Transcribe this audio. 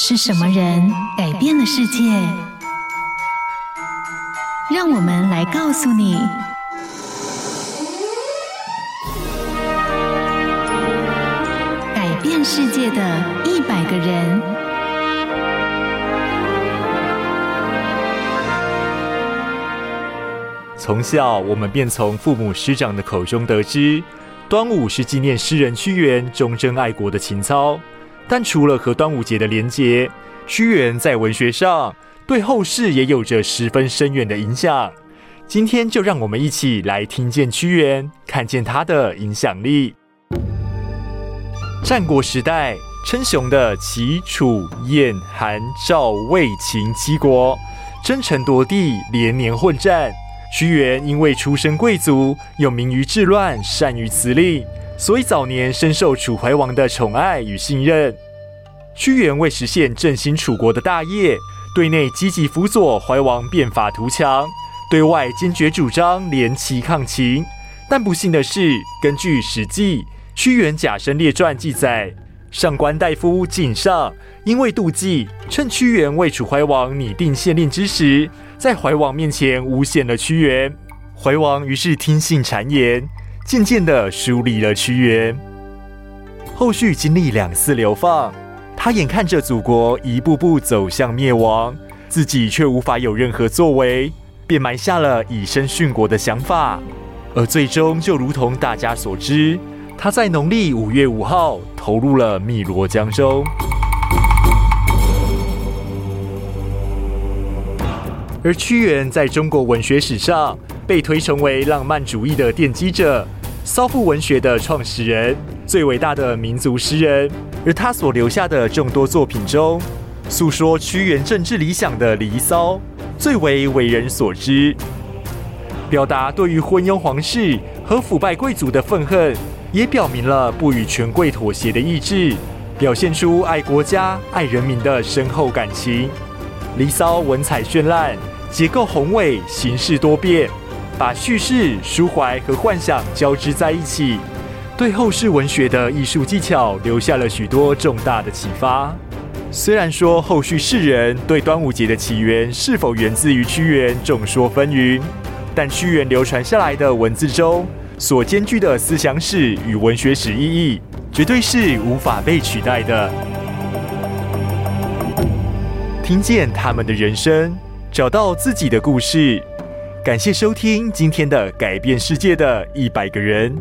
是什麼人改變了世界？讓我們來告訴你：改變世界的一百個人。從小，我們便從父母、師長的口中得知，端午是紀念詩人屈原忠貞愛國的情操。但除了和端午節的連結，屈原在文學上對後世也有着十分深遠的影響。今天就讓我們一起來聽見屈原，看見他的影響力。戰國時代稱雄的齊楚燕韓趙魏秦七國，爭城奪地，連年混戰。屈原因為出身貴族，又明於治亂，善於辭令，所以早年深受楚懷王的寵愛與信任。屈原為實現振興楚國的大業，對內積極輔佐懷王變法圖強，對外堅決主張聯齊抗秦。但不幸的是，根據《史記·屈原賈生列傳》記載，上官大夫靳尚因為妒忌，趁屈原為楚懷王擬定憲令之時，在懷王面前誣陷了屈原。懷王於是聽信讒言，漸漸地疏離了屈原。後續經歷兩次流放。他眼看着祖國一步步走向滅亡，自己卻無法有任何作為，便埋下了以身殉國的想法。而最終，就如同大家所知，他在農曆五月五號投入了汨羅江中。而屈原在中國文學史上被推崇為浪漫主義的奠基者，騷賦文學的創始人。最偉大的民族詩人，而他所留下的眾多作品中，訴說屈原政治理想的《離騷》最為為人所知。表達對於昏庸皇室和腐敗貴族的憤恨，也表明了不與權貴妥協的意志，表現出愛國家、愛人民的深厚感情。《離騷》文采絢爛，結構宏偉，形式多變，把敘事、抒懷和幻想交織在一起。對後世文學的藝術技巧留下了許多重大的啟發。雖然說後世世人對端午節的起源是否源自於屈原，眾說紛紜，但屈原流傳下來的文字中所兼具的思想史與文學史意義，絕對是無法被取代的。聽見他們的人生，找到自己的故事。感謝收聽今天的改變世界的一百個人。